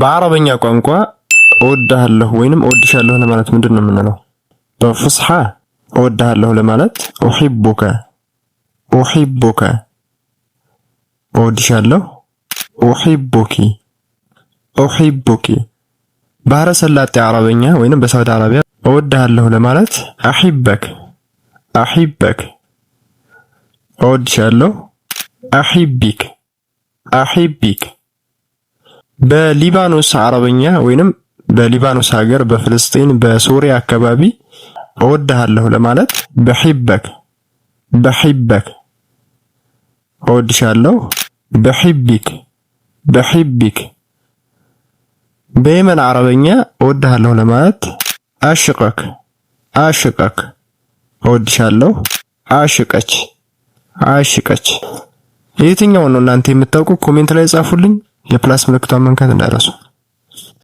በአረበኛ ቋንቋ እወድሃለሁ ወይንም እወድሻለሁ ለማለት ምንድን ነው የምንለው? በፍስሐ እወድሃለሁ ለማለት ኡሂቡከ ኡሂቡከ፣ እወድሻለሁ ኡሂቡኪ ኡሂቡኪ። ባህረ ሰላጤ አረበኛ ወይንም በሳውዲ አረቢያ እወድሃለሁ ለማለት አሂበክ አሂበክ፣ እወድሻለሁ አሂቢክ አሂቢክ በሊባኖስ አረበኛ ወይንም በሊባኖስ ሀገር በፍልስጤን በሶሪያ አካባቢ እወድሃለሁ ለማለት በሂበክ በሂበክ እወድሻለሁ በሂቢክ በሂቢክ በየመን አረበኛ እወድሃለሁ ለማለት አሽቀክ አሽቀክ እወድሻለሁ አሽቀች አሽቀች የትኛውን ነው እናንተ የምታውቁ ኮሜንት ላይ ጻፉልኝ የፕላስ ምልክቷን መንካት እንዳረሱ